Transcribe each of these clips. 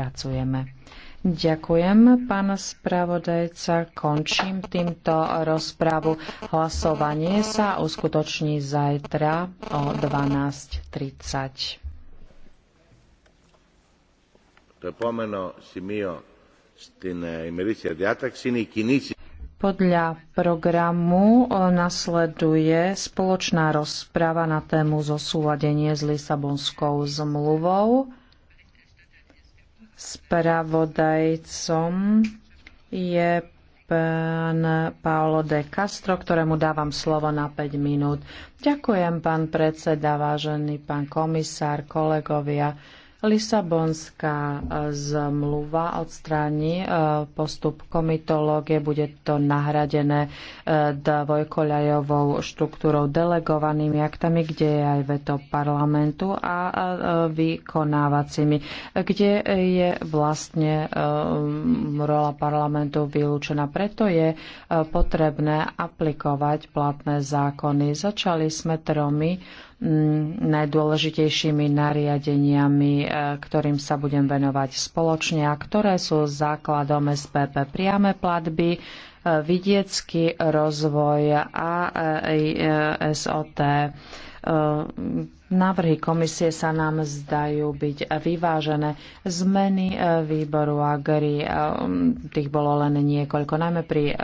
pracujeme. Ďakujem, pán spravodajca. Končím týmto rozpravu. Hlasovanie sa uskutoční zajtra o 12.30. Podľa programu nasleduje spoločná rozprava na tému zosúladenie s Lisabonskou zmluvou. Spravodajcom je pán Paolo de Castro, ktorému dávam slovo na 5 minút. Ďakujem, pán predseda, vážený pán komisár, kolegovia. Lisabonská e, zmluva odstráni e, postup komitológie, bude to nahradené e, dvojkoľajovou štruktúrou delegovanými aktami, kde je aj veto parlamentu a vykonávacími, kde je vlastne rola parlamentu vylúčená. Preto je potrebné aplikovať platné zákony. Začali sme tromi najdôležitejšími nariadeniami, e, ktorým sa budem venovať spoločne a ktoré sú základom SPP priame platby, e, vidiecky rozvoj a e, SOT. Návrhy komisie sa nám zdajú byť vyvážené. Zmeny výboru Agri, tých bolo len niekoľko, najmä pri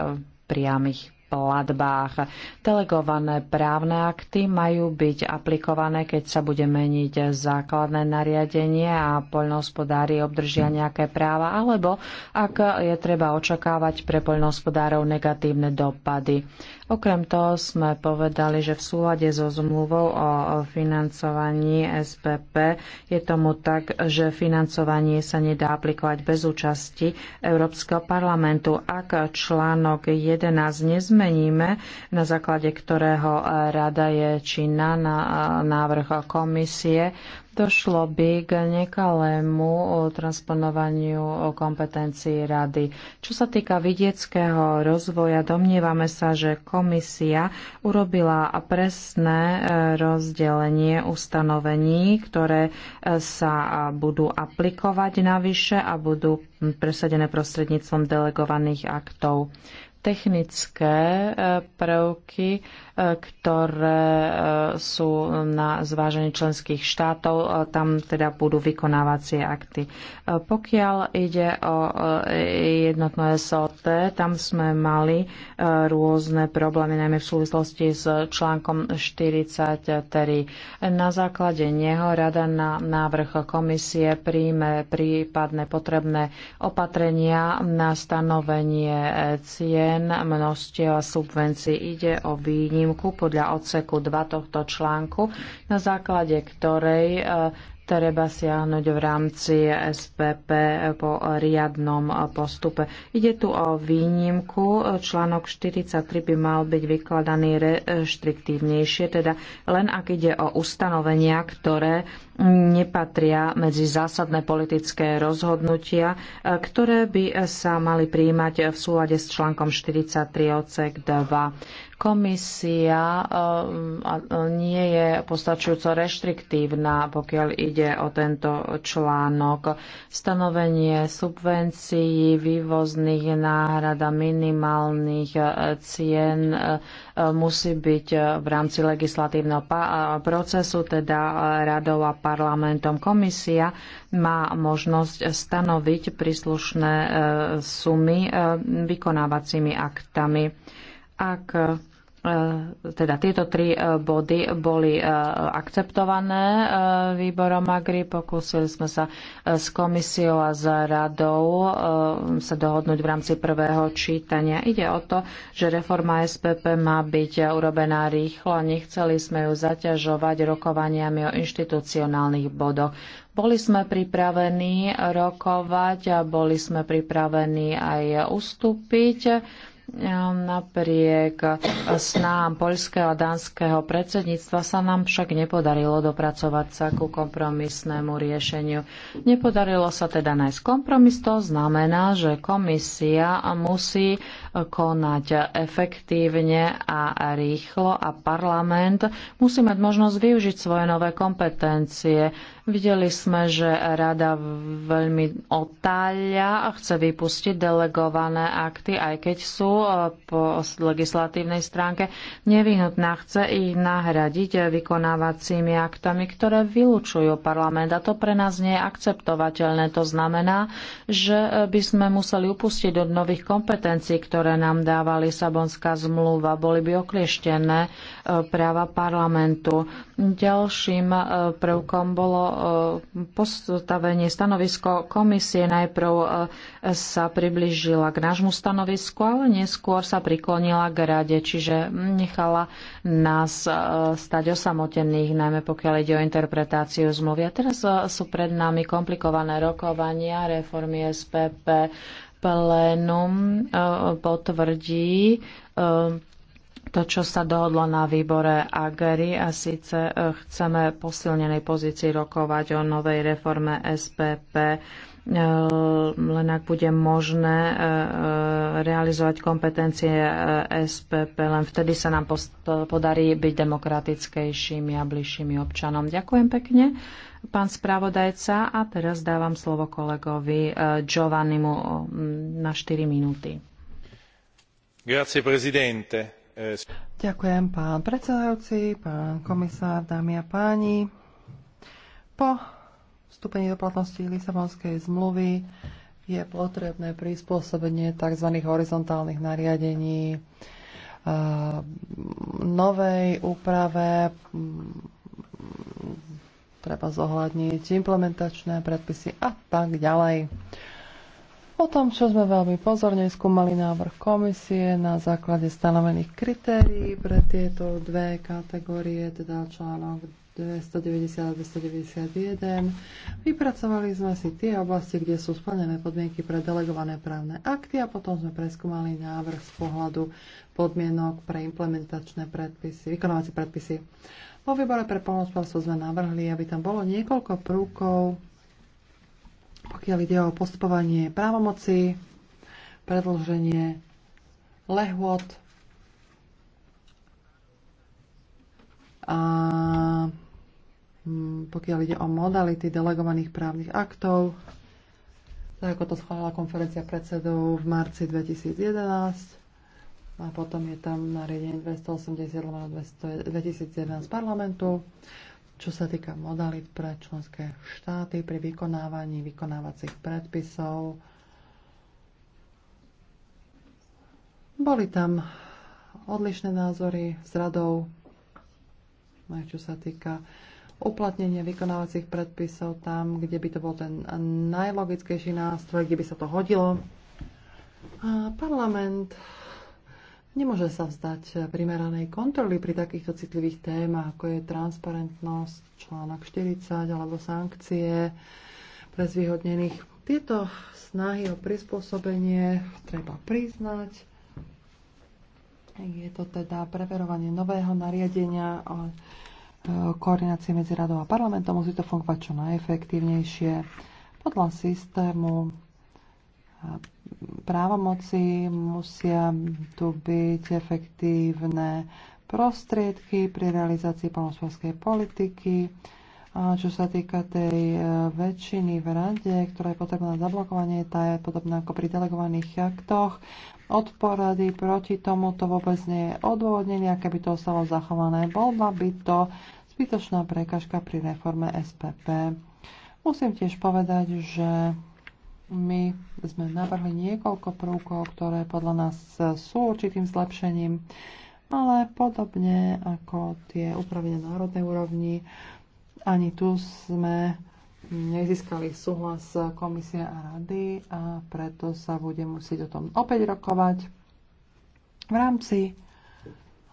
priamých platbách. Delegované právne akty majú byť aplikované, keď sa bude meniť základné nariadenie a poľnohospodári obdržia nejaké práva, alebo ak je treba očakávať pre poľnohospodárov negatívne dopady. Okrem toho sme povedali, že v súlade so zmluvou o financovaní SPP je tomu tak, že financovanie sa nedá aplikovať bez účasti Európskeho parlamentu. Ak článok 11 nezmení, vymeníme, na základe ktorého e, rada je činná na e, návrh komisie, došlo by k nekalému e, transponovaniu kompetencií rady. Čo sa týka vidieckého rozvoja, domnievame sa, že komisia urobila presné rozdelenie ustanovení, ktoré sa budú aplikovať navyše a budú presadené prostredníctvom delegovaných aktov technické e, prvky, e, ktoré e, sú na zvážení členských štátov. Tam teda budú vykonávacie akty. Pokiaľ ide o jednotné SOT, tam sme mali rôzne problémy, najmä v súvislosti s článkom 43. Na základe neho rada na návrh komisie príjme prípadne potrebné opatrenia na stanovenie cien obmedzen množstva subvencií. Ide o výnimku podľa odseku 2 tohto článku, na základe ktorej treba siahnuť v rámci SPP po riadnom postupe. Ide tu o výnimku. Článok 43 by mal byť vykladaný reštriktívnejšie, teda len ak ide o ustanovenia, ktoré nepatria medzi zásadné politické rozhodnutia, ktoré by sa mali príjmať v súlade s článkom 43 odsek 2 komisia eh, nie je postačujúco reštriktívna, pokiaľ ide ide o tento článok. Stanovenie subvencií, vývozných náhrad a minimálnych e, cien e, musí byť v rámci legislatívneho e, procesu, teda radou a parlamentom. Komisia má možnosť stanoviť príslušné sumy vykonávacími aktami. Ak E, teda tieto tri e, body boli e, akceptované výborom Agri. Pokúsili sme sa s komisiou a s radou sa dohodnúť v rámci prvého čítania. Ide o to, že reforma SPP má byť urobená rýchlo. Nechceli sme ju zaťažovať rokovaniami o inštitucionálnych bodoch. Boli sme pripravení rokovať a boli sme pripravení aj ustúpiť Ehm, napriek eh, snám poľského a dánskeho predsedníctva sa nám však nepodarilo dopracovať sa ku kompromisnému riešeniu. Nepodarilo sa teda nájsť kompromis, to znamená, že komisia musí eh, konať efektívne a rýchlo a parlament musí mať možnosť využiť svoje nové kompetencie. Videli sme, že rada veľmi otáľa a chce vypustiť delegované akty, aj keď sú eh, po legislatívnej stránke nevyhnutná. Chce ich nahradiť vykonávacími aktami, ktoré vylúčujú parlament. A to pre nás nie je akceptovateľné. To znamená, že eh, by sme museli upustiť od nových kompetencií, ktoré nám dáva Lisabonská zmluva. Boli by oklieštené eh, práva parlamentu. Ďalším prvkom bolo E, postavenie stanovisko komisie najprv e, sa priblížila k nášmu stanovisku, ale neskôr sa priklonila k rade, čiže nechala nás e, stať osamotených, najmä pokiaľ ide o interpretáciu zmluvy. A teraz sú pred nami komplikované rokovania reformy SPP plénum potvrdí to, čo sa dohodlo na výbore AGERI a síce e, chceme posilnenej pozícii rokovať o novej reforme SPP e, len ak bude možné e, realizovať kompetencie SPP, len vtedy sa nám podarí byť demokratickejšími a bližšími občanom. Ďakujem pekne, pán spravodajca. A teraz dávam slovo kolegovi Giovannimu na 4 minúty. Grazie, prezidente Ďakujem, pán predsedajúci, pán komisár, dámy a páni. Po vstúpení do platnosti Lisabonskej zmluvy je potrebné prispôsobenie tzv. horizontálnych nariadení eh, novej úprave treba zohľadniť implementačné predpisy a tak ďalej. Po tom, čo sme veľmi pozorne skúmali návrh komisie na základe stanovených kritérií pre tieto dve kategórie, teda článok 290 a 291, vypracovali sme si tie oblasti, kde sú splnené podmienky pre delegované právne akty a potom sme preskúmali návrh z pohľadu podmienok pre implementačné predpisy, vykonávacie predpisy. Po výbore pre polnospodárstvo sme navrhli, aby tam bolo niekoľko prúkov pokiaľ ide o postupovanie právomoci, predlženie lehôd a mm, pokiaľ ide o modality delegovaných právnych aktov, tak ako to schválila konferencia predsedov v marci 2011 a potom je tam nariadenie 280 2011 parlamentu čo sa týka modalit pre členské štáty pri vykonávaní vykonávacích predpisov. Boli tam odlišné názory s radou, aj čo sa týka uplatnenia vykonávacích predpisov tam, kde by to bol ten najlogickejší nástroj, kde by sa to hodilo. A parlament nemôže sa vzdať primeranej kontroly pri takýchto citlivých témach, ako je transparentnosť, článok 40 alebo sankcie pre zvýhodnených. Tieto snahy o prispôsobenie treba priznať. Je to teda preverovanie nového nariadenia o e, koordinácie medzi radou a parlamentom. Musí to fungovať čo najefektívnejšie podľa systému právomoci, musia tu byť efektívne prostriedky pri realizácii polnospodárskej politiky. A čo sa týka tej e, väčšiny v rade, ktorá je potrebná na zablokovanie, tá je podobná ako pri delegovaných aktoch. Odpor rady proti tomu to vôbec nie je odôvodnenie, aké by to ostalo zachované. Bola by to zbytočná prekažka pri reforme SPP. Musím tiež povedať, že my sme navrhli niekoľko prvkov, ktoré podľa nás sú určitým zlepšením, ale podobne ako tie úpravy na národnej úrovni, ani tu sme nezískali súhlas komisie a rady a preto sa bude musieť o tom opäť rokovať v rámci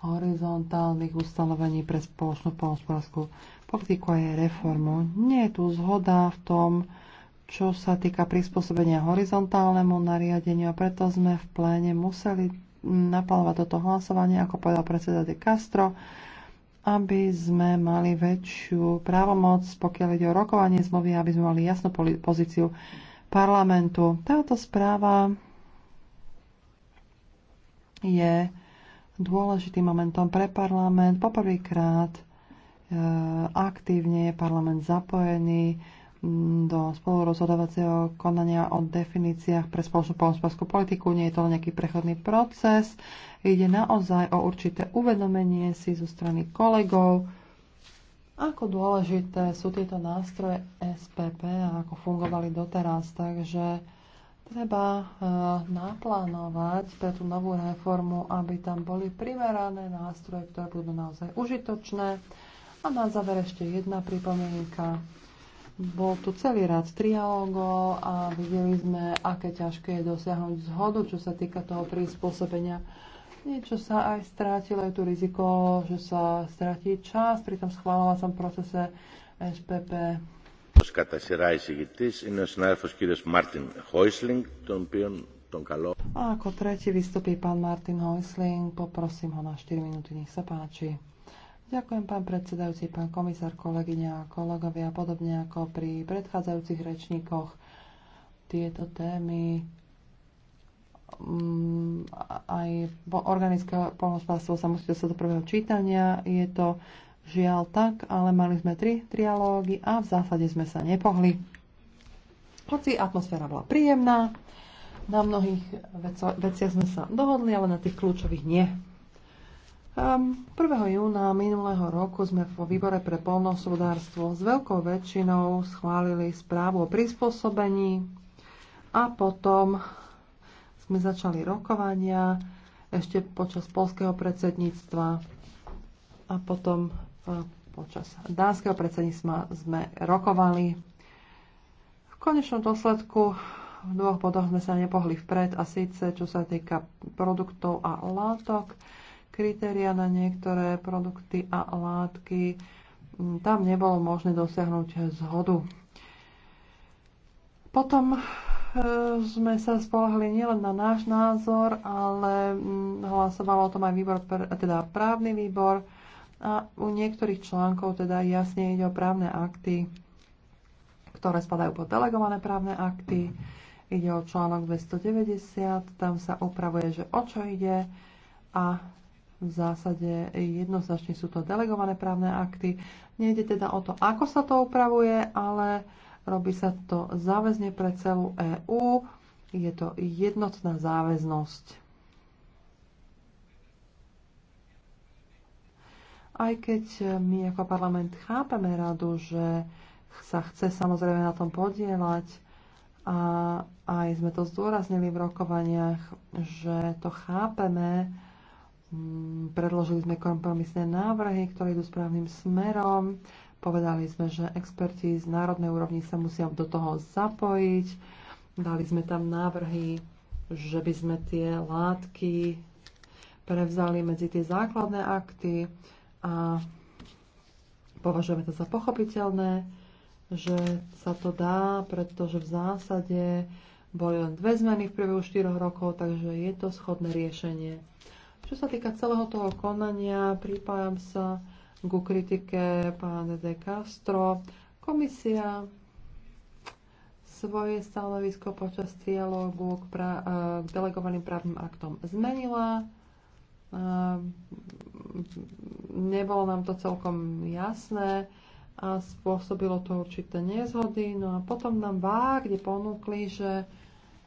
horizontálnych ustanovení pre spoločnú polnospodárskú politiku a jej reformu. Nie je tu zhoda v tom, čo sa týka prispôsobenia horizontálnemu nariadeniu a preto sme v pléne museli naplánovať toto hlasovanie, ako povedal predseda de Castro, aby sme mali väčšiu právomoc, pokiaľ ide o rokovanie zmluvy, aby sme mali jasnú pozíciu parlamentu. Táto správa je dôležitým momentom pre parlament. Poprvýkrát e, aktívne je parlament zapojený do spolurozhodovacieho konania o definíciách pre spoločnú polnospodárskú politiku. Nie je to len nejaký prechodný proces. Ide naozaj o určité uvedomenie si zo strany kolegov, ako dôležité sú tieto nástroje SPP a ako fungovali doteraz. Takže treba e, naplánovať pre tú novú reformu, aby tam boli primerané nástroje, ktoré budú naozaj užitočné. A na záver ešte jedna pripomienka bol tu celý rád trialógov a videli sme, aké ťažké je dosiahnuť zhodu, čo sa týka toho prispôsobenia. Niečo sa aj strátilo, je tu riziko, že sa stratí čas pri tom schváľovacom procese SPP. A ako tretí vystupí pán Martin Hojsling, poprosím ho na 4 minúty, nech sa páči. Ďakujem, pán predsedajúci, pán komisár, kolegyňa a kolegovia, podobne ako pri predchádzajúcich rečníkoch. Tieto témy mm, aj organické polnospodárstvo sa musí dostať do prvého čítania. Je to žiaľ tak, ale mali sme tri trialógy a v zásade sme sa nepohli. Hoci atmosféra bola príjemná, na mnohých veciach sme sa dohodli, ale na tých kľúčových nie. 1. Ehm, júna minulého roku sme vo výbore pre polnohospodárstvo s veľkou väčšinou schválili správu o prispôsobení a potom sme začali rokovania ešte počas polského predsedníctva a potom eh, počas dánskeho predsedníctva sme rokovali. V konečnom dôsledku v dvoch bodoch sme sa nepohli vpred a síce čo sa týka produktov a látok kritéria na niektoré produkty a látky. Mm, tam nebolo možné dosiahnuť zhodu. Potom e, sme sa spolahli nielen na náš názor, ale mm, hlasovalo o tom aj výbor, teda právny výbor a u niektorých článkov teda jasne ide o právne akty, ktoré spadajú pod delegované právne akty. Ide o článok 290, tam sa upravuje, že o čo ide a v zásade jednoznačne sú to delegované právne akty. Nejde teda o to, ako sa to upravuje, ale robí sa to záväzne pre celú EÚ. Je to jednotná záväznosť. Aj keď my ako parlament chápeme radu, že sa chce samozrejme na tom podielať a aj sme to zdôraznili v rokovaniach, že to chápeme, Mm, predložili sme kompromisné návrhy, ktoré idú správnym smerom. Povedali sme, že experti z národnej úrovni sa musia do toho zapojiť. Dali sme tam návrhy, že by sme tie látky prevzali medzi tie základné akty a považujeme to za pochopiteľné, že sa to dá, pretože v zásade boli len dve zmeny v priebehu 4 rokov, takže je to schodné riešenie. Čo sa týka celého toho konania, pripájam sa ku kritike pána De Castro. Komisia svoje stanovisko počas trialógu k, pra, k eh, delegovaným právnym aktom zmenila. Eh, nebolo nám to celkom jasné a spôsobilo to určité nezhody. No a potom nám vágne ponúkli, že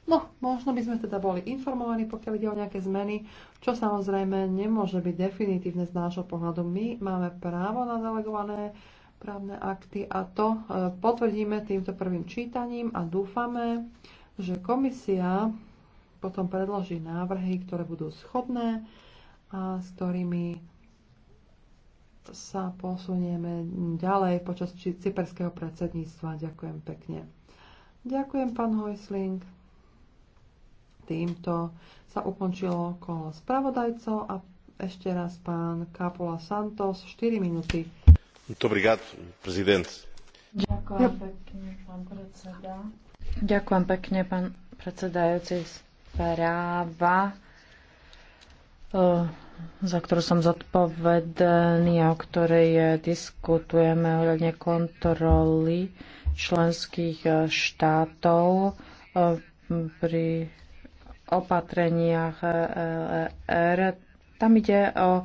No, možno by sme teda boli informovaní, pokiaľ ide o nejaké zmeny, čo samozrejme nemôže byť definitívne z nášho pohľadu. My máme právo na delegované právne akty a to e, potvrdíme týmto prvým čítaním a dúfame, že komisia potom predloží návrhy, ktoré budú schodné a s ktorými sa posunieme ďalej počas cyperského predsedníctva. Ďakujem pekne. Ďakujem, pán Hojsling týmto sa ukončilo kolo spravodajcov a ešte raz pán Kapola Santos, 4 minúty. prezident. Ďakujem pekne, pán predseda. Ďakujem pekne, pán predsedajúci. Správa, e, za ktorú som zodpovedný a o ktorej diskutujeme ohľadne kontroly členských e, štátov e, pri opatreniach e, e, e, R. Tam ide o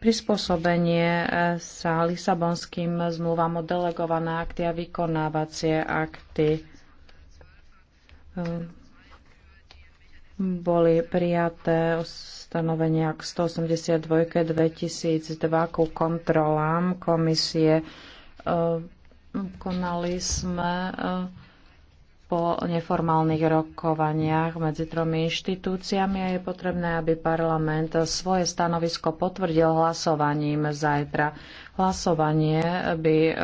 prispôsobenie sa Lisabonským zmluvám o delegované akty a vykonávacie akty boli prijaté ustanovenia k 182 2002 ku kontrolám komisie. Konali sme po neformálnych rokovaniach medzi tromi inštitúciami a je potrebné, aby parlament svoje stanovisko potvrdil hlasovaním zajtra. Hlasovanie by eh,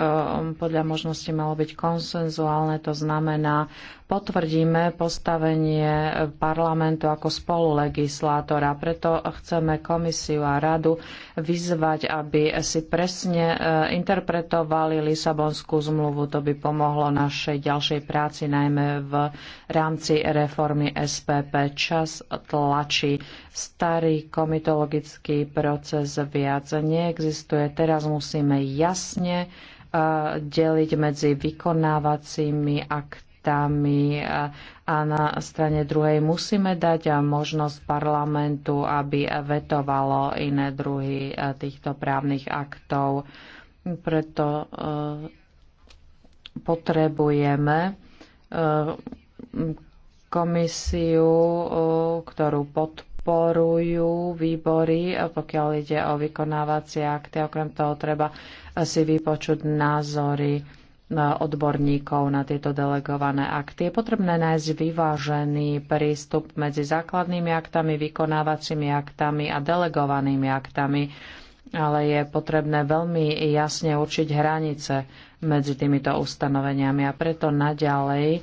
podľa možnosti malo byť konsenzuálne, to znamená, potvrdíme postavenie parlamentu ako spolulegislátora. Preto chceme komisiu a radu vyzvať, aby si presne eh, interpretovali Lisabonskú zmluvu. To by pomohlo našej ďalšej práci, najmä v rámci reformy SPP. Čas tlačí. Starý komitologický proces viac neexistuje. Teraz musí musíme jasne eh, deliť medzi vykonávacími aktami eh, a na strane druhej musíme dať eh, možnosť parlamentu, aby vetovalo iné druhy týchto právnych aktov. Preto potrebujeme komisiu, ktorú podporujeme podporujú výbory, pokiaľ ide o vykonávacie akty. Okrem toho treba si vypočuť názory e, odborníkov na tieto delegované akty. Je potrebné nájsť vyvážený prístup medzi základnými aktami, vykonávacími aktami a delegovanými aktami, ale je potrebné veľmi jasne určiť hranice medzi týmito ustanoveniami. A preto naďalej e,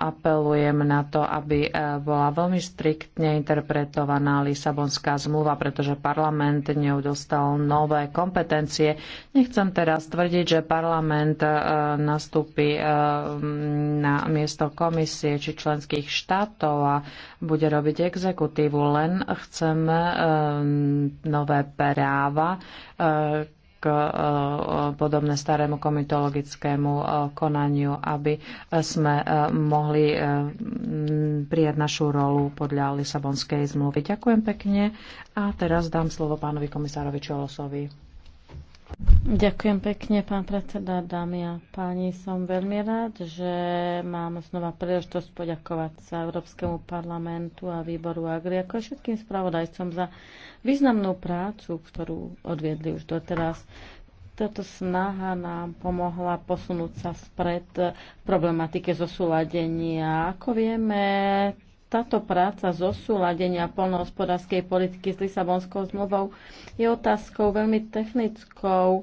apelujem na to, aby e, bola veľmi striktne interpretovaná Lisabonská zmluva, pretože parlament ňou dostal nové kompetencie. Nechcem teraz tvrdiť, že parlament e, nastúpi na miesto komisie či členských štátov a bude robiť exekutívu, len chceme nové práva, k e, podobné starému komitologickému e, konaniu, aby sme e, mohli prijať našu rolu podľa Lisabonskej zmluvy. Ďakujem pekne a teraz dám slovo pánovi komisárovi Čolosovi. Ďakujem pekne, pán predseda, dámy a páni. Som veľmi rád, že mám znova príležitosť poďakovať sa Európskemu parlamentu a výboru Agri, ako aj všetkým spravodajcom za významnú prácu, ktorú odviedli už doteraz. Táto snaha nám pomohla posunúť sa vpred v problematike zosúladenia. Ako vieme, táto práca zosúladenia polnohospodárskej politiky s Lisabonskou zmluvou je otázkou veľmi technickou. E,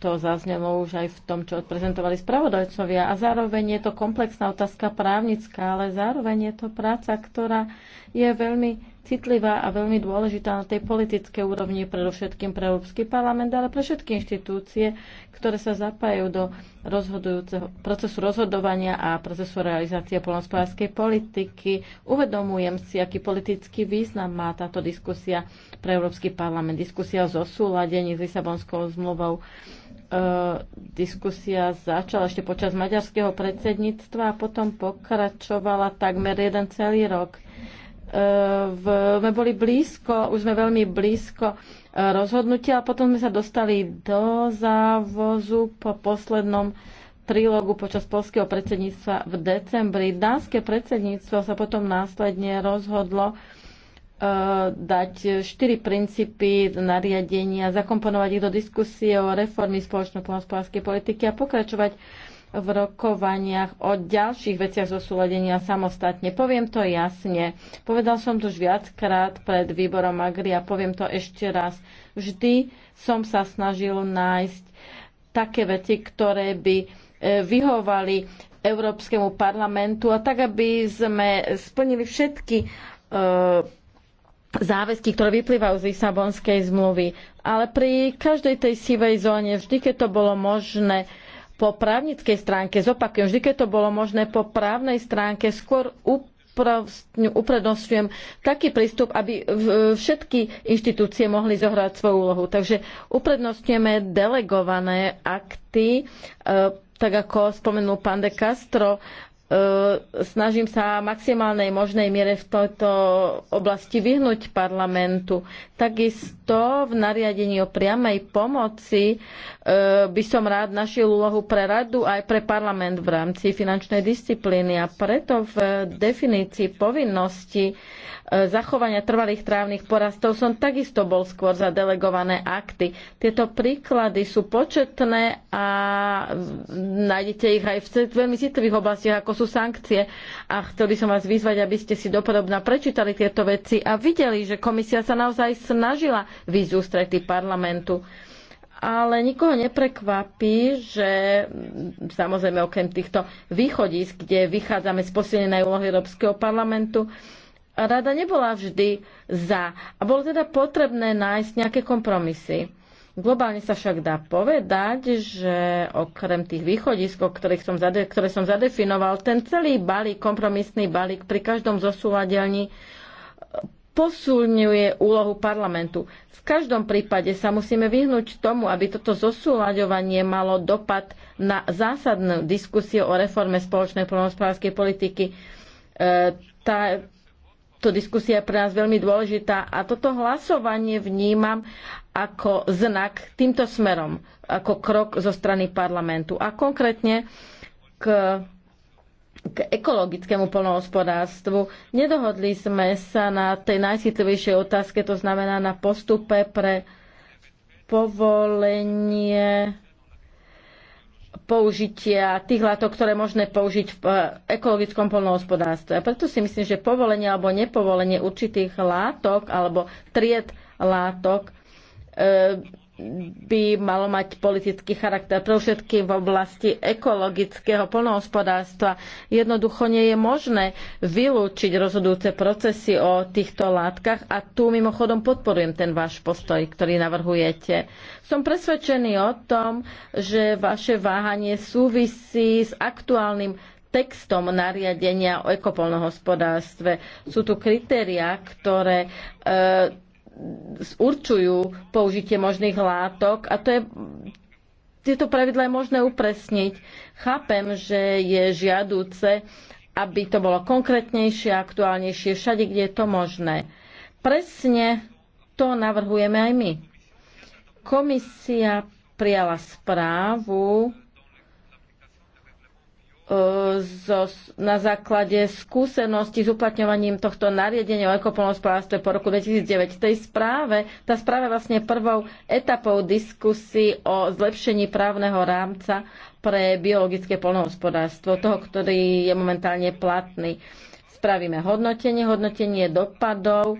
to zaznelo už aj v tom, čo odprezentovali spravodajcovia. A zároveň je to komplexná otázka právnická, ale zároveň je to práca, ktorá je veľmi citlivá a veľmi dôležitá na tej politickej úrovni, predovšetkým pre Európsky parlament, ale pre všetky inštitúcie, ktoré sa zapájajú do rozhodujúceho procesu rozhodovania a procesu realizácie polnospodárskej politiky. Uvedomujem si, aký politický význam má táto diskusia pre Európsky parlament, diskusia o zosúladení s Lisabonskou zmluvou e, diskusia začala ešte počas maďarského predsedníctva a potom pokračovala takmer jeden celý rok v, sme boli blízko, už sme veľmi blízko e, rozhodnutia a potom sme sa dostali do závozu po poslednom trilógu počas polského predsedníctva v decembri. Dánske predsedníctvo sa potom následne rozhodlo e, dať štyri princípy nariadenia, zakomponovať ich do diskusie o reformy spoločnopohospodárskej politiky a pokračovať v rokovaniach o ďalších veciach zo súladenia samostatne. Poviem to jasne. Povedal som to už viackrát pred výborom Agri a poviem to ešte raz. Vždy som sa snažil nájsť také veci, ktoré by e, vyhovali Európskemu parlamentu a tak, aby sme splnili všetky e, záväzky, ktoré vyplývajú z Lisabonskej zmluvy. Ale pri každej tej sivej zóne, vždy keď to bolo možné, po právnickej stránke, zopakujem, vždy, keď to bolo možné, po právnej stránke skôr uprednostňujem taký prístup, aby všetky inštitúcie mohli zohrať svoju úlohu. Takže uprednostňujeme delegované akty, e, tak ako spomenul pán de Castro, E, snažím sa maximálnej možnej miere v tejto oblasti vyhnúť parlamentu. Takisto v nariadení o priamej pomoci e, by som rád našiel úlohu pre radu aj pre parlament v rámci finančnej disciplíny a preto v definícii povinnosti e, zachovania trvalých trávnych porastov som takisto bol skôr za delegované akty. Tieto príklady sú početné a nájdete ich aj v veľmi citlivých oblastiach, ako sú sankcie. A chcel by som vás vyzvať, aby ste si dopodobná prečítali tieto veci a videli, že komisia sa naozaj snažila výjsť ústrety parlamentu. Ale nikoho neprekvapí, že samozrejme okrem týchto východísk, kde vychádzame z posilnenej úlohy Európskeho parlamentu, rada nebola vždy za. A bolo teda potrebné nájsť nejaké kompromisy. Globálne sa však dá povedať, že okrem tých východisk, ktorých som zade, ktoré som zadefinoval, ten celý balík, kompromisný balík pri každom zosúvadelní eh, posúľňuje úlohu parlamentu. V každom prípade sa musíme vyhnúť tomu, aby toto zosúľaďovanie malo dopad na zásadnú diskusiu o reforme spoločnej poľnohospodárskej politiky. E, tá, to diskusia je pre nás veľmi dôležitá a toto hlasovanie vnímam ako znak týmto smerom, ako krok zo strany parlamentu a konkrétne k, k ekologickému polnohospodárstvu. Nedohodli sme sa na tej najcitlivejšej otázke, to znamená na postupe pre povolenie použitia tých látok, ktoré možné použiť v eh, ekologickom polnohospodárstve. A preto si myslím, že povolenie alebo nepovolenie určitých látok alebo tried látok eh, by malo mať politický charakter, pre všetkým v oblasti ekologického plnohospodárstva. Jednoducho nie je možné vylúčiť rozhodujúce procesy o týchto látkach a tu mimochodom podporujem ten váš postoj, ktorý navrhujete. Som presvedčený o tom, že vaše váhanie súvisí s aktuálnym textom nariadenia o ekopolnohospodárstve. Sú tu kritériá, ktoré e, určujú použitie možných látok a to je tieto pravidlá je možné upresniť. Chápem, že je žiadúce, aby to bolo konkrétnejšie, aktuálnejšie všade, kde je to možné. Presne to navrhujeme aj my. Komisia prijala správu na základe skúseností s uplatňovaním tohto nariadenia o ekopolnospodárstve po roku 2009. V tej správe, tá správa je vlastne prvou etapou diskusy o zlepšení právneho rámca pre biologické polnohospodárstvo, toho, ktorý je momentálne platný. Spravíme hodnotenie, hodnotenie dopadov,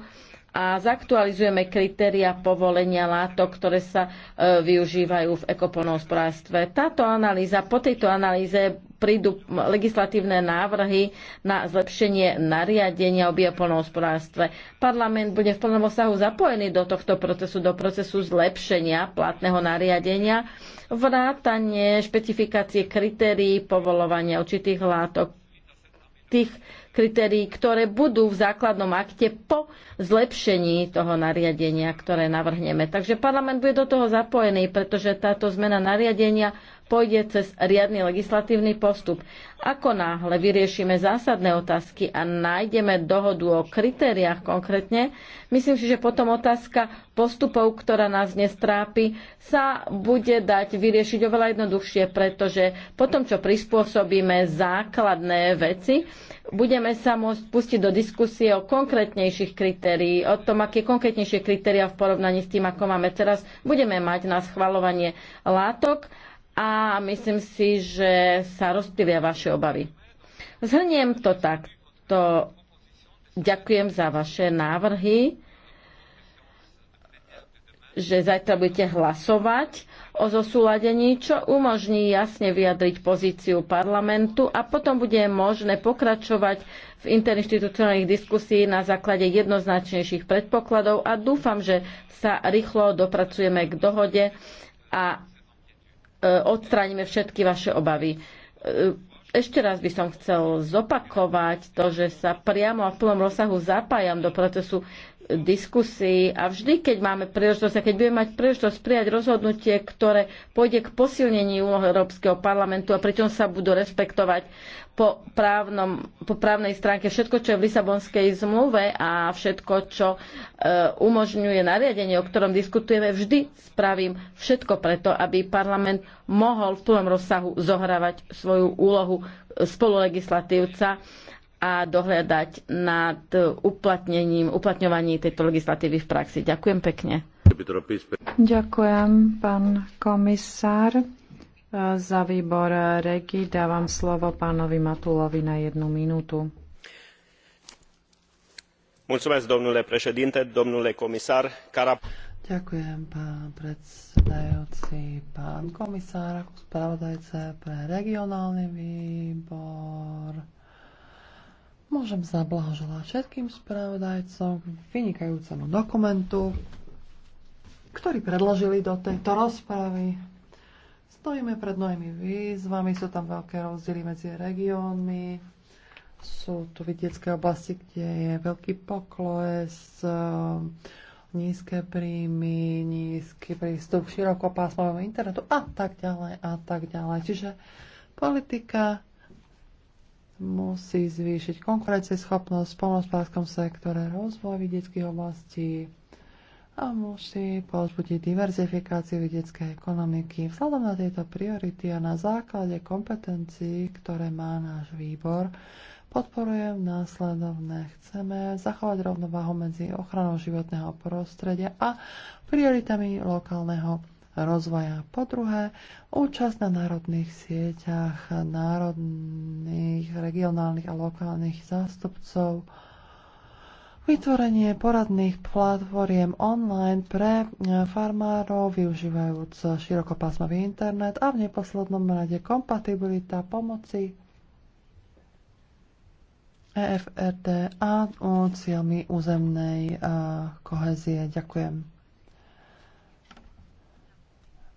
a zaktualizujeme kritéria povolenia látok, ktoré sa e, využívajú v ekopolnohospodárstve. Táto analýza, po tejto analýze prídu legislatívne návrhy na zlepšenie nariadenia o biopolnohospodárstve. Parlament bude v plnom osahu zapojený do tohto procesu, do procesu zlepšenia platného nariadenia, vrátanie špecifikácie kritérií povolovania určitých látok, tých kritérií, ktoré budú v základnom akte po zlepšení toho nariadenia, ktoré navrhneme. Takže parlament bude do toho zapojený, pretože táto zmena nariadenia pôjde cez riadny legislatívny postup. Ako náhle vyriešime zásadné otázky a nájdeme dohodu o kritériách konkrétne, myslím si, že potom otázka postupov, ktorá nás dnes trápi, sa bude dať vyriešiť oveľa jednoduchšie, pretože potom, čo prispôsobíme základné veci, budeme sa môcť pustiť do diskusie o konkrétnejších kritérií, o tom, aké konkrétnejšie kritéria v porovnaní s tým, ako máme teraz, budeme mať na schvalovanie látok a myslím si, že sa rozptýlia vaše obavy. Zhrniem to takto. Ďakujem za vaše návrhy že zajtra budete hlasovať o zosúladení, čo umožní jasne vyjadriť pozíciu parlamentu a potom bude možné pokračovať v interinstitucionálnych diskusí na základe jednoznačnejších predpokladov a dúfam, že sa rýchlo dopracujeme k dohode a odstránime všetky vaše obavy ešte raz by som chcel zopakovať to, že sa priamo a v plnom rozsahu zapájam do procesu diskusí a vždy, keď máme príležitosť a keď budeme mať príležitosť prijať rozhodnutie, ktoré pôjde k posilnení úlohy Európskeho parlamentu a pričom sa budú respektovať po, právnom, po právnej stránke všetko, čo je v Lisabonskej zmluve a všetko, čo e, umožňuje nariadenie, o ktorom diskutujeme, vždy spravím všetko preto, aby parlament mohol v plnom rozsahu zohrávať svoju úlohu spolulegislatívca a dohľadať nad uplatnením, uplatňovaním tejto legislatívy v praxi. Ďakujem pekne. Ďakujem, pán komisár. Eh, za výbor REGI dávam slovo pánovi Matulovi na jednu minútu. Mulțumesc, domnule președinte, domnule comisar. Cara... Ďakujem, pán predsedajúci, pán komisár, ako spravodajca pre regionálny výbor. Môžem zablahoželať všetkým spravodajcom k vynikajúcemu dokumentu, ktorý predložili do tejto rozpravy. Stojíme pred novými výzvami, sú tam veľké rozdiely medzi regiónmi, sú tu vidiecké oblasti, kde je veľký pokles, nízke príjmy, nízky prístup k širokopásmovému internetu a tak ďalej a tak ďalej. Čiže politika musí zvýšiť konkurencieschopnosť v polnospodárskom sektore, rozvoj vidieckých oblastí a musí pozbudiť diverzifikáciu vidieckej ekonomiky. Vzhľadom na tieto priority a na základe kompetencií, ktoré má náš výbor, podporujem následovné. Chceme zachovať rovnováhu medzi ochranou životného prostredia a prioritami lokálneho rozvoja. Po druhé, účasť na národných sieťach, národných, regionálnych a lokálnych zástupcov, vytvorenie poradných platform online pre farmárov, využívajúc širokopásmový internet a v neposlednom rade kompatibilita pomoci EFRTA o cieľmi územnej e, kohezie. Ďakujem.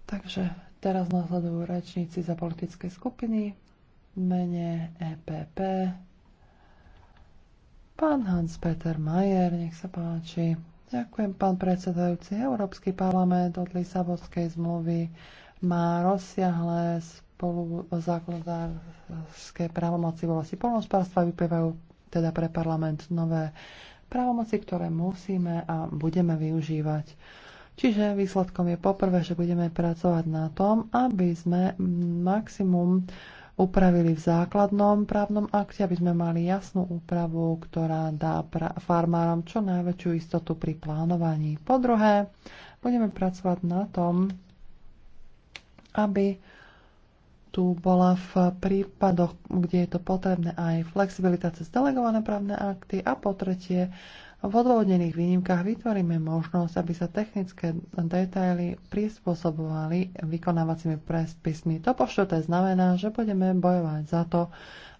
Takže teraz nasledujú rečníci za politické skupiny. Mene EPP. Pán Hans-Peter Majer, nech sa páči. Ďakujem, pán predsedajúci. Európsky parlament od Lisabonskej zmluvy má rozsiahle spolu zákonodárske právomoci v oblasti polnospárstva vyplývajú teda pre parlament nové právomoci, ktoré musíme a budeme využívať. Čiže výsledkom je poprvé, že budeme pracovať na tom, aby sme maximum upravili v základnom právnom akte, aby sme mali jasnú úpravu, ktorá dá farmárom čo najväčšiu istotu pri plánovaní. Po druhé, budeme pracovať na tom, aby tu bola v prípadoch, kde je to potrebné aj flexibilita cez delegované právne akty a po tretie, v odvodnených výnimkách vytvoríme možnosť, aby sa technické detaily prispôsobovali vykonávacími prespismi. To po znamená, že budeme bojovať za to,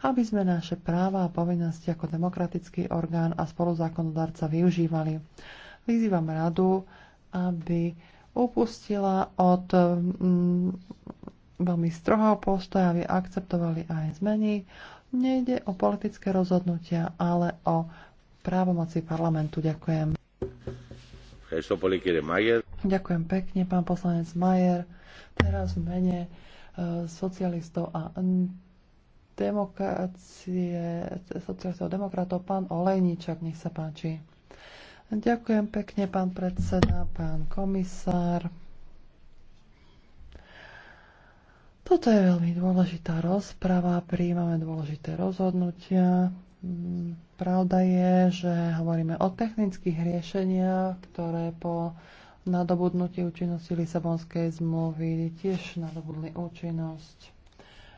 aby sme naše práva a povinnosti ako demokratický orgán a spoluzákonodárca využívali. Vyzývam radu, aby upustila od mm, veľmi strohého postoja, aby akceptovali aj zmeny. Nejde o politické rozhodnutia, ale o právomoci parlamentu. Ďakujem. Ďakujem pekne, pán poslanec Majer. Teraz v mene e, socialistov a demokracie, socialistov a demokratov, pán Olejničak, nech sa páči. Ďakujem pekne, pán predseda, pán komisár. Toto je veľmi dôležitá rozprava, príjmame dôležité rozhodnutia. Mm, pravda je, že hovoríme o technických riešeniach, ktoré po nadobudnutí účinnosti Lisabonskej zmluvy tiež nadobudli účinnosť.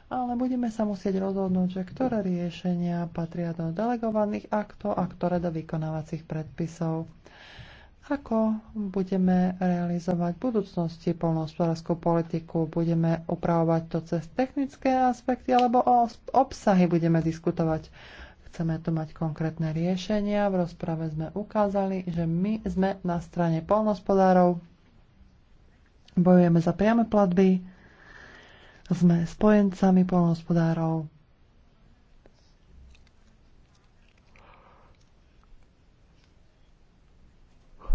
Ale budeme sa musieť rozhodnúť, že ktoré riešenia patria do delegovaných aktov a ktoré do vykonávacích predpisov ako budeme realizovať v budúcnosti polnohospodárskú politiku. Budeme upravovať to cez technické aspekty alebo o obsahy budeme diskutovať. Chceme tu mať konkrétne riešenia. V rozprave sme ukázali, že my sme na strane polnohospodárov. Bojujeme za priame platby. Sme spojencami polnohospodárov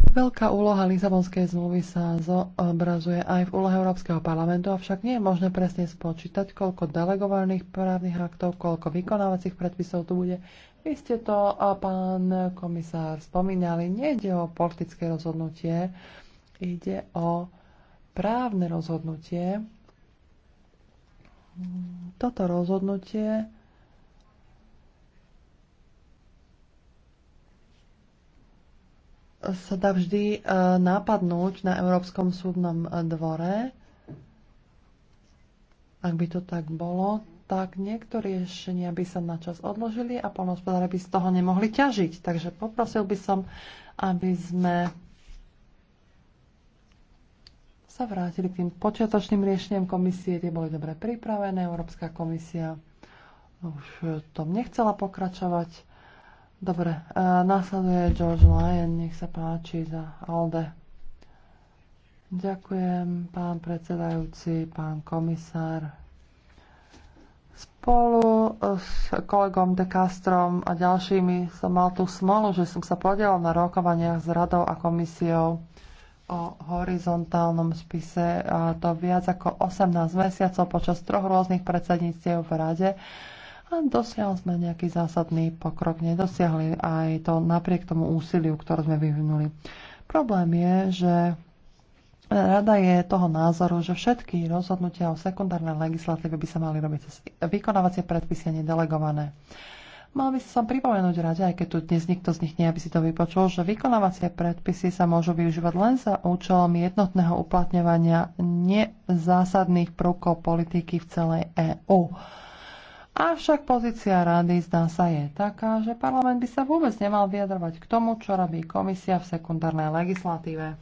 Veľká úloha Lisabonskej zmluvy sa zobrazuje aj v úlohe Európskeho parlamentu, avšak nie je možné presne spočítať, koľko delegovaných právnych aktov, koľko vykonávacích predpisov tu bude. Vy ste to, pán komisár, spomínali. Nejde o politické rozhodnutie, ide o právne rozhodnutie. Toto rozhodnutie sa dá vždy e, napadnúť na Európskom súdnom e, dvore. Ak by to tak bolo, tak niektoré riešenia by sa na čas odložili a polnohospodári by z toho nemohli ťažiť. Takže poprosil by som, aby sme sa vrátili k tým počiatočným riešeniam komisie. Tie boli dobre pripravené. Európska komisia už tom nechcela pokračovať Dobre, uh, nasleduje George Lyon, nech sa páči za ALDE. Ďakujem, pán predsedajúci, pán komisár. Spolu s kolegom De Castrom a ďalšími som mal tú smolu, že som sa podielal na rokovaniach s radou a komisiou o horizontálnom spise, a to viac ako 18 mesiacov počas troch rôznych predsedníctiev v rade a dosiahli sme nejaký zásadný pokrok. Nedosiahli aj to napriek tomu úsiliu, ktoré sme vyvinuli. Problém je, že Rada je toho názoru, že všetky rozhodnutia o sekundárnej legislatíve by sa mali robiť cez vykonávacie predpisy a nedelegované. Mal by som pripomenúť rade, aj keď tu dnes nikto z nich nie, aby si to vypočul, že vykonávacie predpisy sa môžu využívať len za účelom jednotného uplatňovania nezásadných prvkov politiky v celej EÚ. Avšak pozícia rady zdá sa je taká, že parlament by sa vôbec nemal vyjadrovať k tomu, čo robí komisia v sekundárnej legislatíve.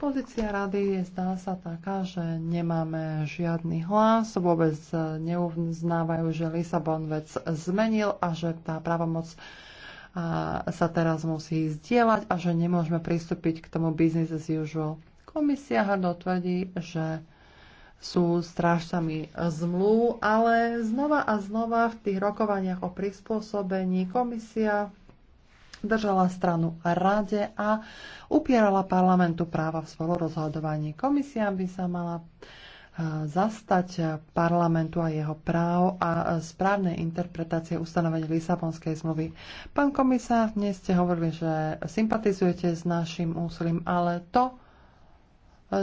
Pozícia rady je zdá sa taká, že nemáme žiadny hlas, vôbec neuznávajú, že Lisabon vec zmenil a že tá pravomoc sa teraz musí zdieľať a že nemôžeme pristúpiť k tomu business as usual. Komisia hrdo tvrdí, že sú strážcami zmluv, ale znova a znova v tých rokovaniach o prispôsobení komisia držala stranu rade a upierala parlamentu práva v rozhodovaní. Komisia by sa mala e, zastať parlamentu a jeho práv a správnej interpretácie ustanovení Lisabonskej zmluvy. Pán komisár, dnes ste hovorili, že sympatizujete s našim úsilím, ale to, E,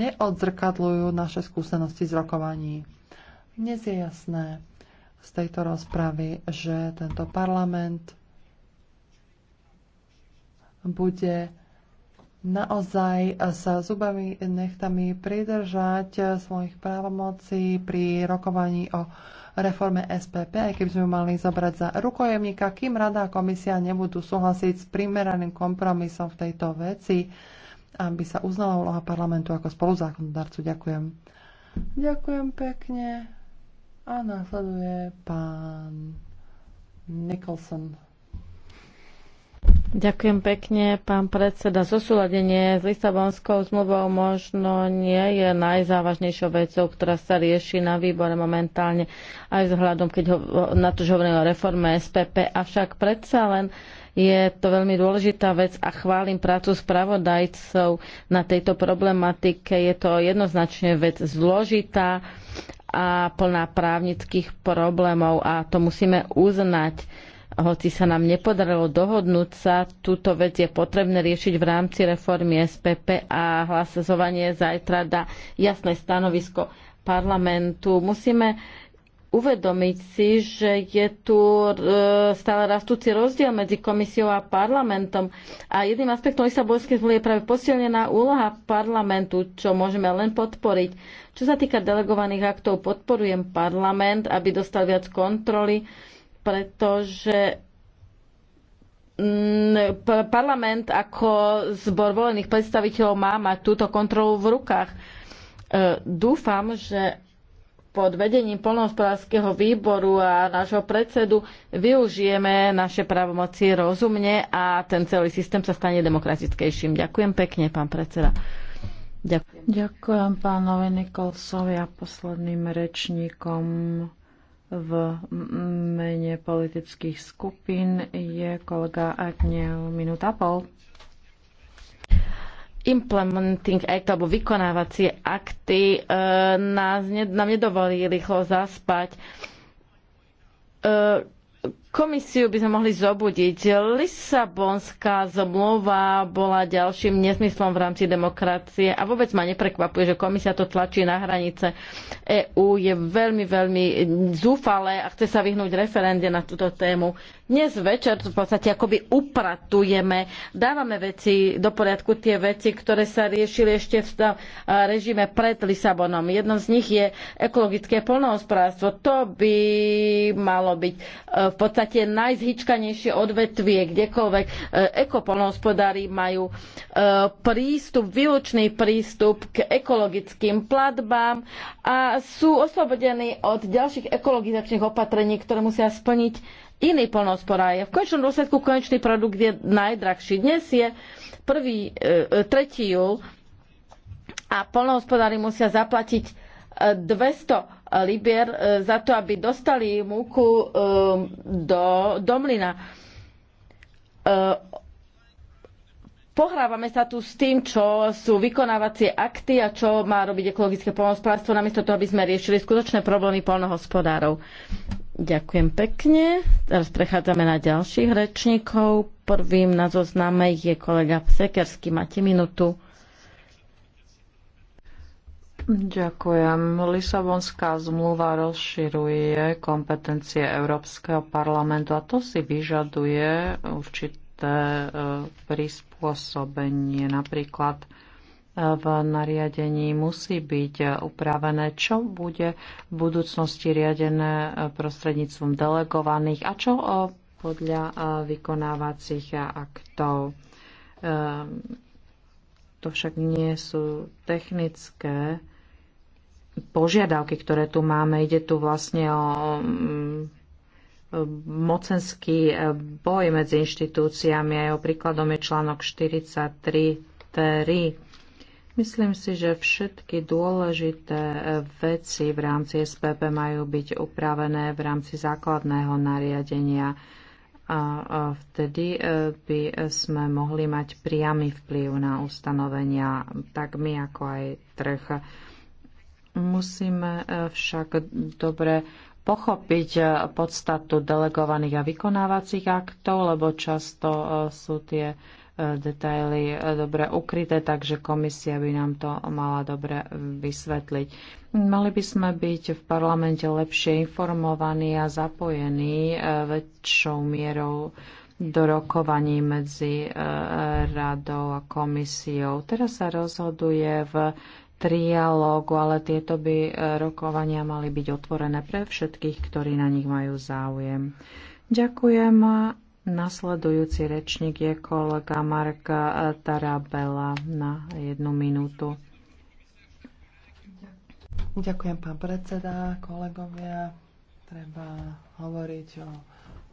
neodzrkadľujú naše skúsenosti z rokovaní. Dnes je jasné z tejto rozpravy, že tento parlament bude naozaj sa zubami nechtami pridržať svojich právomocí pri rokovaní o reforme SPP, aj keby sme mali zobrať za rukojemníka, kým Rada a komisia nebudú súhlasiť s primeraným kompromisom v tejto veci aby sa uznala úloha parlamentu ako spoluzákonodarcu. Ďakujem. Ďakujem pekne. A následuje pán Nicholson. Ďakujem pekne, pán predseda. Zosúladenie s Lisabonskou zmluvou možno nie je najzávažnejšou vecou, ktorá sa rieši na výbore momentálne, aj vzhľadom, keď ho, na to, že hovoríme o reforme SPP. Avšak predsa len uh, je to veľmi dôležitá vec a chválim prácu spravodajcov na tejto problematike. Je to jednoznačne vec zložitá a plná právnických problémov a to musíme uznať hoci sa nám nepodarilo dohodnúť sa, túto vec je potrebné riešiť v rámci reformy SPP a hlasovanie zajtra dá jasné stanovisko parlamentu. Musíme uvedomiť si, že je tu e, stále rastúci rozdiel medzi komisiou a parlamentom. A jedným aspektom Lisabonskej zmluvy je práve posilnená úloha parlamentu, čo môžeme len podporiť. Čo sa týka delegovaných aktov, podporujem parlament, aby dostal viac kontroly, pretože mm, parlament ako zbor volených predstaviteľov má mať túto kontrolu v rukách. E, dúfam, že pod vedením polnohospodárskeho výboru a nášho predsedu využijeme naše právomoci rozumne a ten celý systém sa stane demokratickejším. Ďakujem pekne, pán predseda. Ďakujem. Ďakujem pánovi Nikolsovi a posledným rečníkom v mene politických skupín je kolega Agnew minúta pol implementing act alebo vykonávacie akty e, nás ne, nám nedovolí rýchlo zaspať. E, Komisiu by sme mohli zobudiť. Lisabonská zmluva bola ďalším nesmyslom v rámci demokracie a vôbec ma neprekvapuje, že komisia to tlačí na hranice. EÚ je veľmi, veľmi zúfalé a chce sa vyhnúť referende na túto tému. Dnes večer v podstate akoby upratujeme, dávame veci do poriadku, tie veci, ktoré sa riešili ešte v režime pred Lisabonom. Jedno z nich je ekologické polnohospodárstvo. To by malo byť e, v podstate podstate najzhyčkanejšie odvetvie kdekoľvek. E, ekopolnohospodári majú e, prístup, výlučný prístup k ekologickým platbám a sú oslobodení od ďalších ekologizačných opatrení, ktoré musia splniť iný polnohospodár. V konečnom dôsledku konečný produkt je najdrahší. Dnes je 1. 3. E, júl a polnohospodári musia zaplatiť 200 libier e, za to, aby dostali múku e, do Domlina. E, pohrávame sa tu s tým, čo sú vykonávacie akty a čo má robiť ekologické polnohospodárstvo, namiesto toho, aby sme riešili skutočné problémy polnohospodárov. Ďakujem pekne. Teraz prechádzame na ďalších rečníkov. Prvým na zozname je kolega Sekerský. Máte minútu. Ďakujem. Lisabonská zmluva rozširuje kompetencie Európskeho parlamentu a to si vyžaduje určité e, prispôsobenie. Napríklad e, v nariadení musí byť upravené, čo bude v budúcnosti riadené e, prostredníctvom delegovaných a čo podľa vykonávacích aktov. To však nie sú technické požiadavky, ktoré tu máme. Ide tu vlastne o mm, mocenský e, boj medzi inštitúciami a jeho príkladom je článok 43. Myslím si, že všetky dôležité e, veci v rámci SPP majú byť upravené v rámci základného nariadenia a vtedy e, by sme mohli mať priamy vplyv na ustanovenia tak my ako aj trh. Musíme e, však dobre pochopiť e, podstatu delegovaných a vykonávacích aktov, lebo často e, sú tie detaily dobre ukryté, takže komisia by nám to mala dobre vysvetliť. Mali by sme byť v parlamente lepšie informovaní a zapojení väčšou mierou do rokovaní medzi radou a komisiou. Teraz sa rozhoduje v trialógu, ale tieto by e, rokovania mali byť otvorené pre všetkých, ktorí na nich majú záujem. Ďakujem. Nasledujúci rečník je kolega Marka e, Tarabela na jednu minútu. Ďakujem, pán predseda, kolegovia. Treba hovoriť o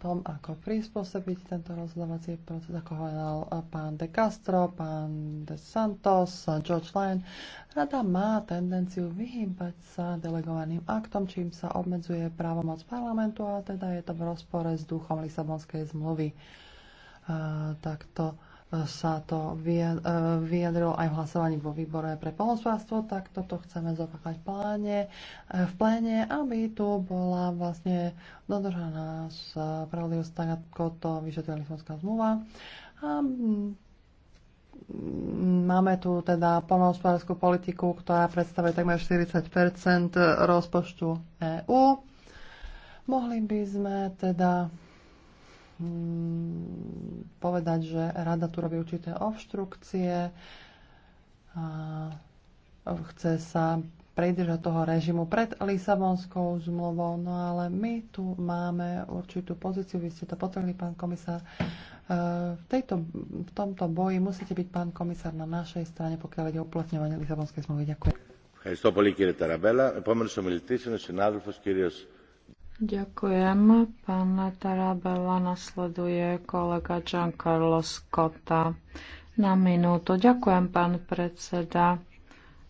tom, ako prispôsobiť tento rozhodovací proces, ako hovoril eh, pán De Castro, pán De Santos, eh, George Lyon. Rada má tendenciu vyhýbať sa delegovaným aktom, čím sa obmedzuje právomoc parlamentu a teda je to v rozpore s duchom Lisabonskej zmluvy. Uh, takto sa to e, vyjadrilo aj v hlasovaní vo výbore pre polnospodárstvo, tak toto chceme zopakovať e, v pléne, aby tu bola vlastne dodržaná spravodlivosť tak, ako to vyšetrila Lisbonská zmluva. A Máme tu teda polnohospodárskú politiku, ktorá predstavuje takmer 40 rozpočtu EÚ. Mohli by sme teda Hm, povedať, že rada tu robí určité obštrukcie, a chce sa pridržať toho režimu pred Lisabonskou zmluvou, no ale my tu máme určitú pozíciu, vy ste to potvrdili, pán komisár. E, v, tejto, v tomto boji musíte byť, pán komisár, na našej strane, pokiaľ ide o uplatňovanie Lisabonskej zmluvy. Ďakujem. Ďakujem, πολύ κύριε Ταραμπέλα. Επόμενος ομιλητής είναι Ďakujem. Pán Tarabella nasleduje kolega Giancarlo Scotta. Na minútu. Ďakujem, pán predseda.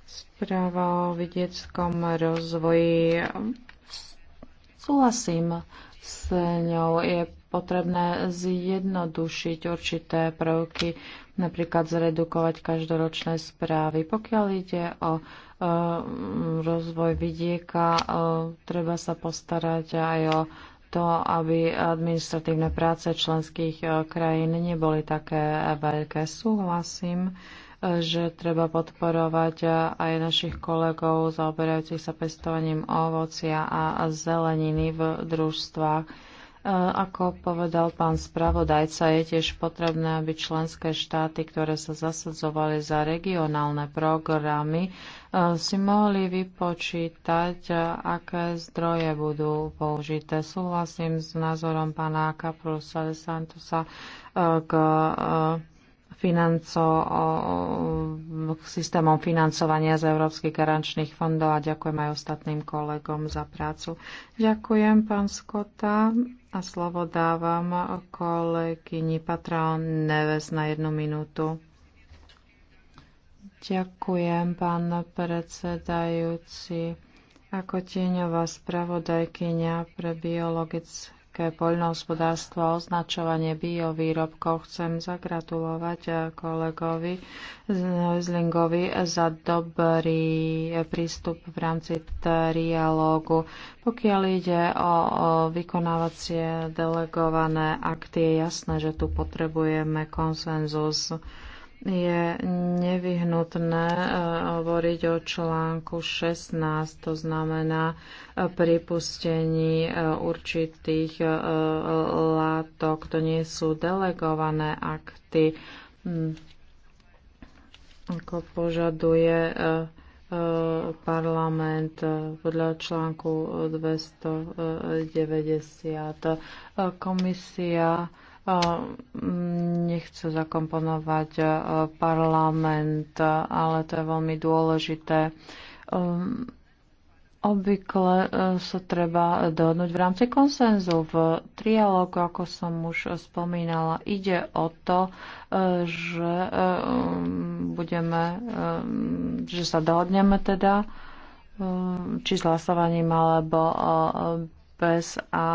Správa o vidieckom rozvoji. Súhlasím s ňou. Je potrebné zjednodušiť určité prvky napríklad zredukovať každoročné správy. Pokiaľ ide o e, rozvoj vidieka, e, treba sa postarať aj o to, aby administratívne práce členských e, krajín neboli také veľké. Súhlasím, že treba podporovať aj našich kolegov zaoberajúcich sa pestovaním ovocia a zeleniny v družstvách ako povedal pán spravodajca, je tiež potrebné, aby členské štáty, ktoré sa zasadzovali za regionálne programy, e, si mohli vypočítať, e, aké zdroje budú použité. Súhlasím s názorom pána Caprusa Santosa e, k financovaniu systémom financovania z európskych garančných fondov a ďakujem aj ostatným kolegom za prácu. Ďakujem, pán Skota. A slovo dávam kolegyni Patrón Neves na jednu minútu. Ďakujem, pán predsedajúci. Ako tieňová spravodajkyňa pre biologické Slovenské poľnohospodárstvo a označovanie biovýrobkov chcem zagratulovať eh, kolegovi Zlingovi za dobrý eh, prístup v rámci trialógu. Pokiaľ ide o vykonávacie delegované akty, je jasné, že tu potrebujeme konsenzus je nevyhnutné e, hovoriť o článku 16, to znamená e, pripustení e, určitých látok. To nie sú delegované akty, hm. ako požaduje parlament podľa článku 290. Komisia Ehm, nechce zakomponovať e, parlament, ale to je veľmi dôležité. Ehm, obvykle e, sa treba dohodnúť v rámci konsenzu. V trialógu, ako som už spomínala, ide o to, e, že ehm, budeme, že sa dohodneme teda či s hlasovaním alebo PES a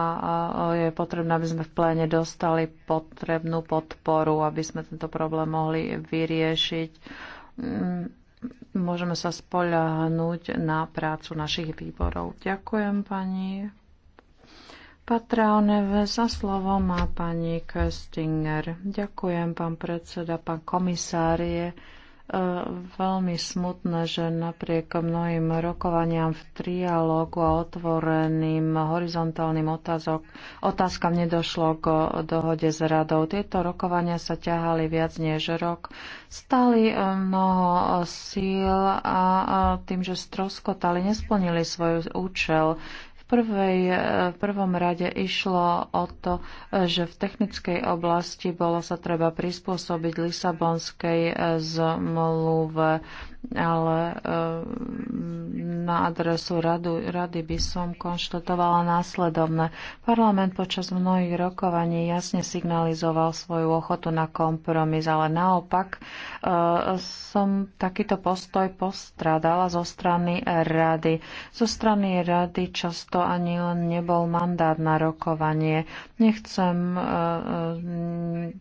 je potrebné, aby sme v pléne dostali potrebnú podporu, aby sme tento problém mohli vyriešiť. Mm, môžeme sa spoľahnúť na prácu našich výborov. Ďakujem pani Patraonev. Za slovo má pani Köstinger. Ďakujem, pán predseda, pán komisár. Je veľmi smutné, že napriek mnohým rokovaniam v trialógu a otvoreným horizontálnym otázok, otázkam nedošlo k dohode s radou. Tieto rokovania sa ťahali viac než rok, stali eh, mnoho síl a tým, že stroskotali, nesplnili svoj účel prvej, e, v prvom rade išlo o to, že v technickej oblasti bolo sa treba prispôsobiť Lisabonskej e, zmluve ale eh, na adresu radu, rady by som konštatovala následovné. Parlament počas mnohých rokovaní jasne signalizoval svoju ochotu na kompromis, ale naopak eh, som takýto postoj postradala zo strany rady. Zo strany rady často ani len nebol mandát na rokovanie. Nechcem eh,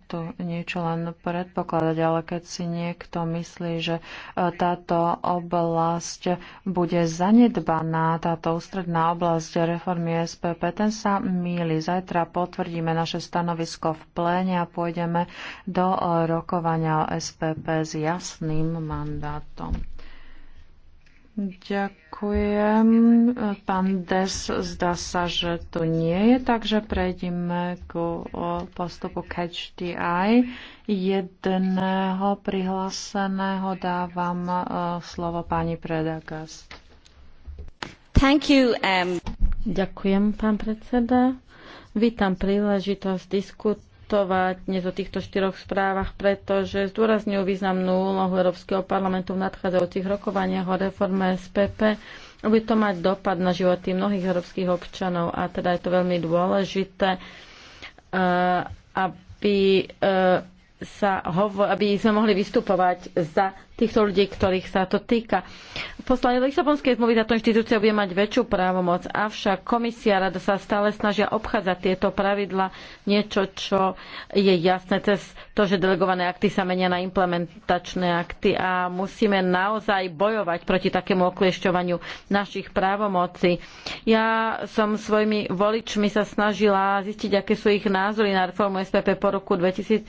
to niečo len predpokladať, ale keď si niekto myslí, že tá táto oblasť bude zanedbaná, táto ústredná oblasť reformy SPP, ten sa míli. Zajtra potvrdíme naše stanovisko v pléne a pôjdeme do rokovania o SPP s jasným mandátom. Ďakujem. Pán Des, zdá sa, že to nie je, takže prejdeme k postupu Catch the Eye. Jedného prihláseného dávam slovo pani Predagast. Thank you, um... Ďakujem, pán predseda. Vítam príležitosť diskutovať diskutovať dnes o týchto štyroch správach, pretože zdôrazňujú významnú úlohu Európskeho parlamentu v nadchádzajúcich rokovaniach o reforme SPP. Bude to mať dopad na životy mnohých európskych občanov a teda je to veľmi dôležité, eh, aby eh, sa hovo- aby sme mohli vystupovať za týchto ľudí, ktorých sa to týka. V poslane Lisabonskej zmluvy táto inštitúcia bude mať väčšiu právomoc, avšak komisia rada sa stále snažia obchádzať tieto pravidla, niečo, čo je jasné cez to, že delegované akty sa menia na implementačné akty a musíme naozaj bojovať proti takému okliešťovaniu našich právomocí. Ja som svojimi voličmi sa snažila zistiť, aké sú ich názory na reformu SPP po roku 2000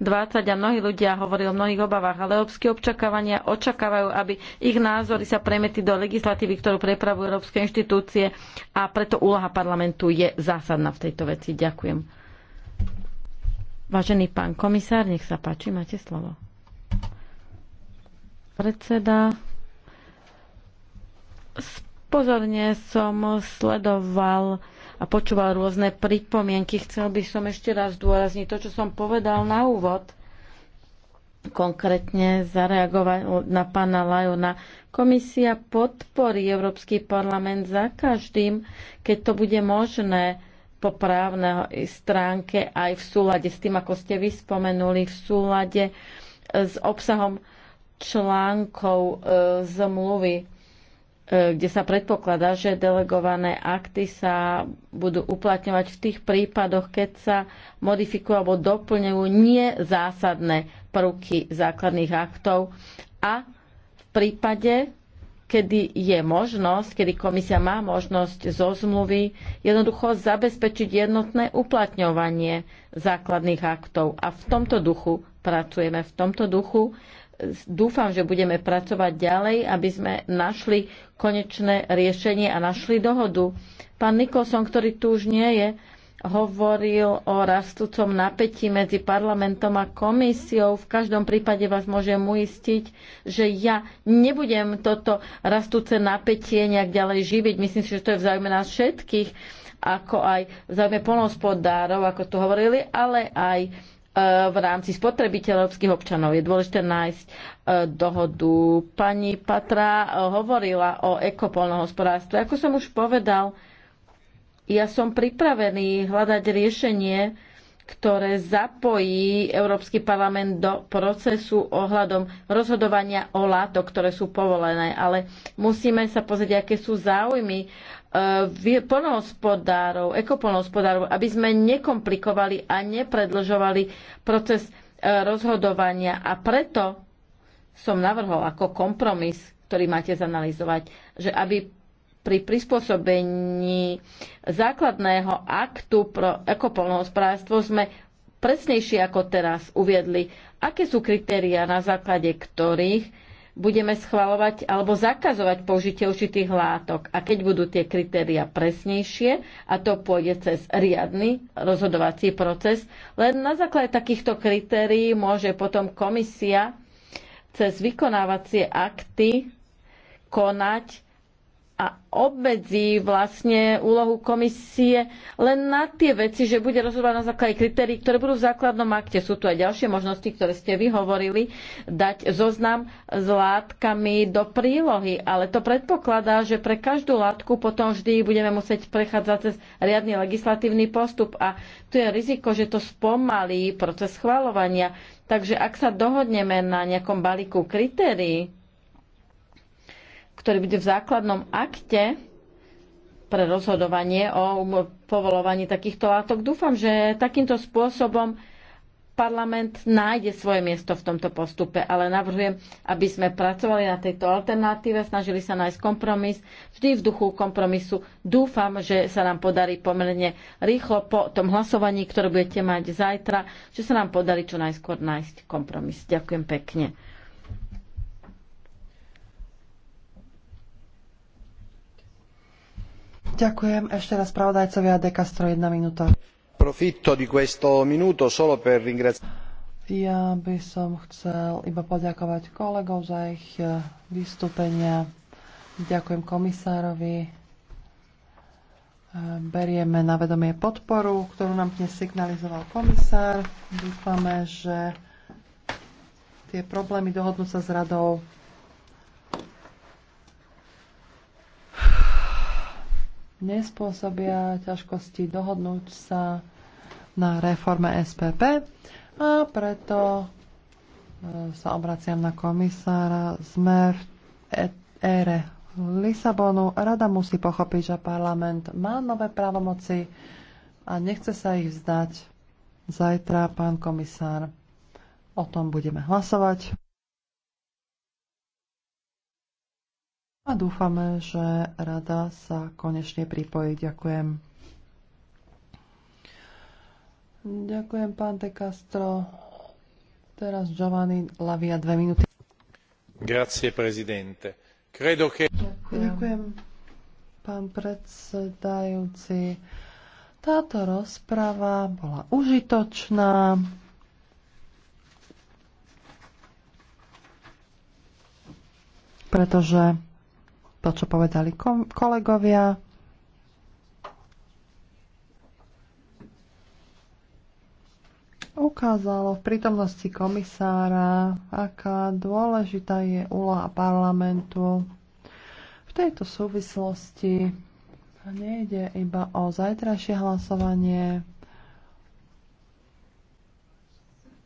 2020 a mnohí ľudia hovorili o mnohých obavách, ale európske občakávania očakávajú, aby ich názory sa premietli do legislatívy, ktorú prepravujú európske inštitúcie a preto úloha parlamentu je zásadná v tejto veci. Ďakujem. Vážený pán komisár, nech sa páči, máte slovo. Predseda, pozorne som sledoval a počúval rôzne pripomienky. Chcel by som ešte raz dôrazniť to, čo som povedal na úvod. Konkrétne zareagovať na pána Lajona. Komisia podporí Európsky parlament za každým, keď to bude možné po právnej stránke aj v súlade s tým, ako ste vyspomenuli, v súlade s obsahom článkov e, zmluvy E, kde sa predpokladá, že delegované akty sa budú uplatňovať v tých prípadoch, keď sa modifikujú alebo doplňujú nezásadné prvky základných aktov a v prípade, kedy je možnosť, kedy komisia má možnosť zo zmluvy jednoducho zabezpečiť jednotné uplatňovanie základných aktov. A v tomto duchu pracujeme, v tomto duchu dúfam, že budeme pracovať ďalej, aby sme našli konečné riešenie a našli dohodu. Pán Nikolson, ktorý tu už nie je, hovoril o rastúcom napätí medzi parlamentom a komisiou. V každom prípade vás môžem uistiť, že ja nebudem toto rastúce napätie nejak ďalej živiť. Myslím si, že to je v záujme nás všetkých, ako aj v záujme polnospodárov, ako tu hovorili, ale aj v rámci spotrebiteľovských občanov. Je dôležité nájsť e, dohodu. Pani Patra e, hovorila o ekopolnohospodárstve. Ako som už povedal, ja som pripravený hľadať riešenie, ktoré zapojí Európsky parlament do procesu ohľadom rozhodovania o látok, ktoré sú povolené. Ale musíme sa pozrieť, aké sú záujmy E, polnohospodárov, ekopolnohospodárov, aby sme nekomplikovali a nepredlžovali proces e, rozhodovania. A preto som navrhol ako kompromis, ktorý máte zanalizovať, že aby pri prispôsobení základného aktu pro ekopolnohospodárstvo sme presnejšie ako teraz uviedli, aké sú kritéria, na základe ktorých budeme schvalovať alebo zakazovať použitie určitých látok. A keď budú tie kritéria presnejšie, a to pôjde cez riadny rozhodovací proces, len na základe takýchto kritérií môže potom komisia cez vykonávacie akty konať a obmedzí vlastne úlohu komisie len na tie veci, že bude rozhodovať na základe kritérií, ktoré budú v základnom akte. Sú tu aj ďalšie možnosti, ktoré ste vyhovorili, dať zoznam s látkami do prílohy, ale to predpokladá, že pre každú látku potom vždy budeme musieť prechádzať cez riadny legislatívny postup a tu je riziko, že to spomalí proces schvalovania. Takže ak sa dohodneme na nejakom balíku kritérií, ktorý bude v základnom akte pre rozhodovanie o povolovaní takýchto látok. Dúfam, že takýmto spôsobom parlament nájde svoje miesto v tomto postupe, ale navrhujem, aby sme pracovali na tejto alternatíve, snažili sa nájsť kompromis, vždy v duchu kompromisu. Dúfam, že sa nám podarí pomerne rýchlo po tom hlasovaní, ktoré budete mať zajtra, že sa nám podarí čo najskôr nájsť kompromis. Ďakujem pekne. Ďakujem ešte raz spravodajcovia De Castro, jedna minúta. Profitto di questo minuto solo per ringraziare. Ja by som chcel iba poďakovať kolegov za ich eh, vystúpenia. Ďakujem komisárovi. Eh, berieme na vedomie podporu, ktorú nám dnes signalizoval komisár. Dúfame, že tie problémy dohodnú sa s radou nespôsobia ťažkosti dohodnúť sa na reforme SPP a preto e, sa obraciam na komisára. Sme v e-, ére Lisabonu. Rada musí pochopiť, že parlament má nové právomoci a nechce sa ich vzdať. Zajtra, pán komisár, o tom budeme hlasovať. dúfame, že rada sa konečne pripojí. Ďakujem. Ďakujem, pán De Castro. Teraz Giovanni Lavia, dve minúty. Grazie, prezidente. Credo che... Ďakujem. Ďakujem, pán predsedajúci. Táto rozprava bola užitočná. pretože to, čo povedali kolegovia. Ukázalo v prítomnosti komisára, aká dôležitá je úloha parlamentu. V tejto súvislosti nejde iba o zajtrajšie hlasovanie,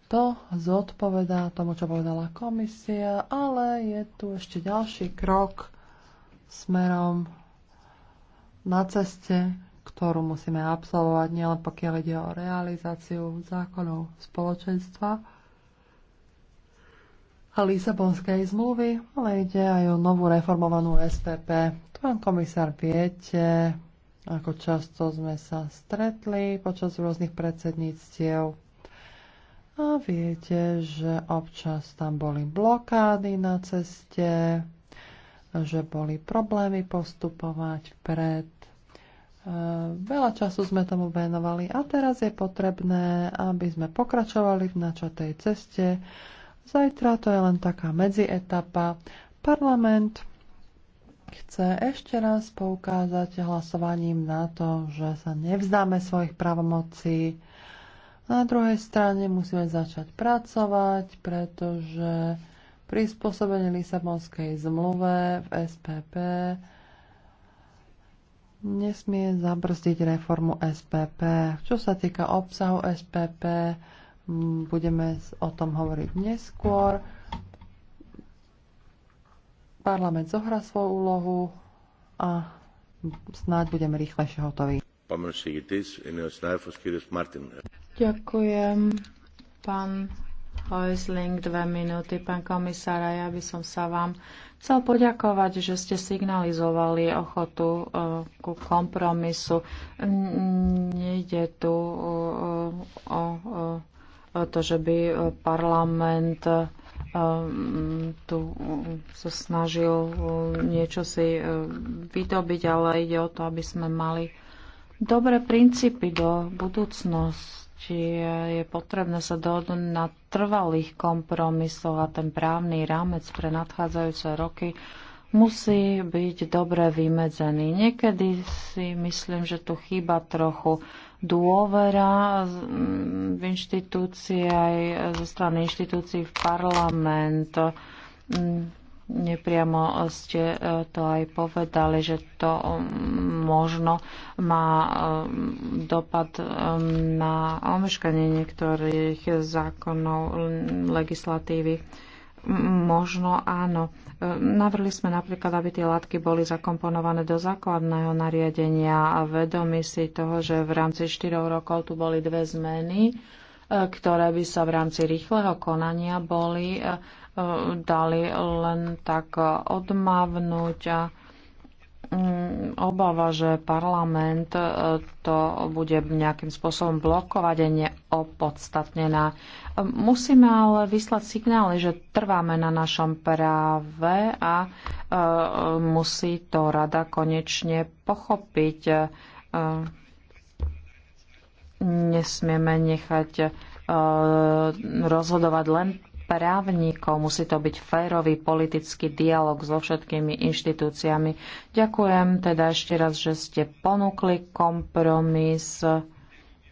to zodpovedá tomu, čo povedala komisia, ale je tu ešte ďalší krok, smerom na ceste, ktorú musíme absolvovať, nielen pokiaľ ide o realizáciu zákonov spoločenstva a Lisabonskej zmluvy, ale ide aj o novú reformovanú SPP. Tu komisár viete, ako často sme sa stretli počas rôznych predsedníctiev. A viete, že občas tam boli blokády na ceste, že boli problémy postupovať vpred. E, veľa času sme tomu venovali a teraz je potrebné, aby sme pokračovali v načatej ceste. Zajtra to je len taká medzietapa. Parlament chce ešte raz poukázať hlasovaním na to, že sa nevzdáme svojich pravomocí. Na druhej strane musíme začať pracovať, pretože prispôsobenie Lisabonskej zmluve v SPP nesmie zabrzdiť reformu SPP. Čo sa týka obsahu SPP, budeme o tom hovoriť neskôr. Parlament zohra svoju úlohu a snáď budeme rýchlejšie hotoví. Ďakujem, pán Heusling, dve minúty. Pán komisár, ja by som sa vám chcel poďakovať, že ste signalizovali ochotu eh, ku kompromisu. Nejde tu eh, eh, o to, že by parlament mm, tu sa snažil niečo si vydobiť, ale ide o to, aby sme mali dobré princípy do budúcnosti či je potrebné sa dohodnúť na trvalých kompromisov a ten právny rámec pre nadchádzajúce roky musí byť dobre vymedzený. Niekedy si myslím, že tu chýba trochu dôvera mm, v inštitúcii aj zo strany inštitúcií v parlament mm, Nepriamo ste e, to aj povedali, že to um, možno má um, dopad um, na omeškanie niektorých zákonov legislatívy. Možno áno. E, Navrli sme napríklad, aby tie látky boli zakomponované do základného nariadenia a vedomi si toho, že v rámci 4 rokov tu boli dve zmeny, e, ktoré by sa v rámci rýchleho konania boli dali len tak odmávnuť a mm, obava, že parlament e, to bude nejakým spôsobom blokovať je neopodstatnená. Musíme ale vyslať signály, že trváme na našom práve a e, musí to rada konečne pochopiť. E, nesmieme nechať rozhodovať len právnikov. Musí to byť férový politický dialog so všetkými inštitúciami. Ďakujem teda ešte raz, že ste ponúkli kompromis.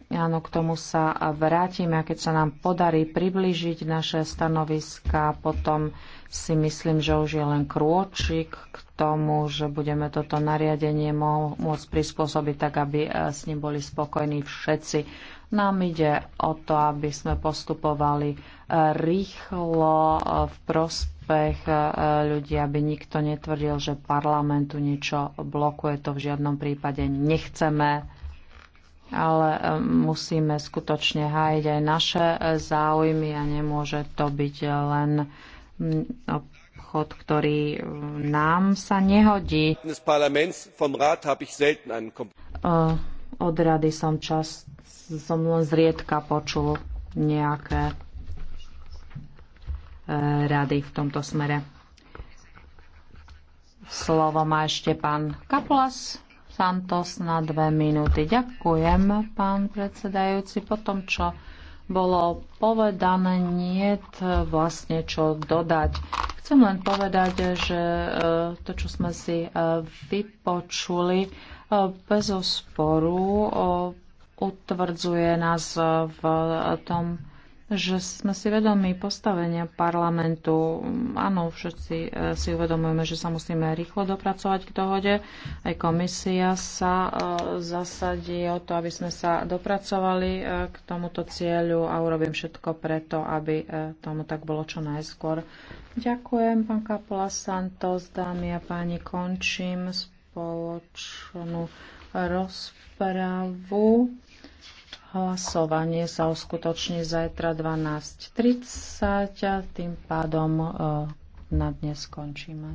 Áno, k tomu sa vrátime a keď sa nám podarí priblížiť naše stanoviska, potom si myslím, že už je len krôčik k tomu, že budeme toto nariadenie môcť prispôsobiť tak, aby eh, s ním boli spokojní všetci. Nám ide o to, aby sme postupovali e, rýchlo e, v prospech e, ľudí, aby nikto netvrdil, že parlamentu niečo blokuje. To v žiadnom prípade nechceme, ale musíme skutočne hájiť aj naše záujmy a nemôže to byť len obchod, ktorý nám sa nehodí. Od rady som často som len zriedka počul nejaké e, rady v tomto smere. Slovo má ešte pán Kapulas Santos na dve minúty. Ďakujem, pán predsedajúci. Po tom, čo bolo povedané, nie vlastne čo dodať. Chcem len povedať, že e, to, čo sme si e, vypočuli, bez osporu utvrdzuje nás v tom, že sme si vedomi postavenia parlamentu. Áno, všetci eh, si uvedomujeme, že sa musíme rýchlo dopracovať k dohode. Aj komisia sa eh, zasadí o to, aby sme sa dopracovali eh, k tomuto cieľu a urobím všetko preto, aby tomu tak bolo čo najskôr. Ďakujem, pán Kapola Santos, dámy a páni, končím spoločnú rozpravu. Hlasovanie sa uskutoční zajtra 12.30 a tým pádom eh, na dnes skončíme.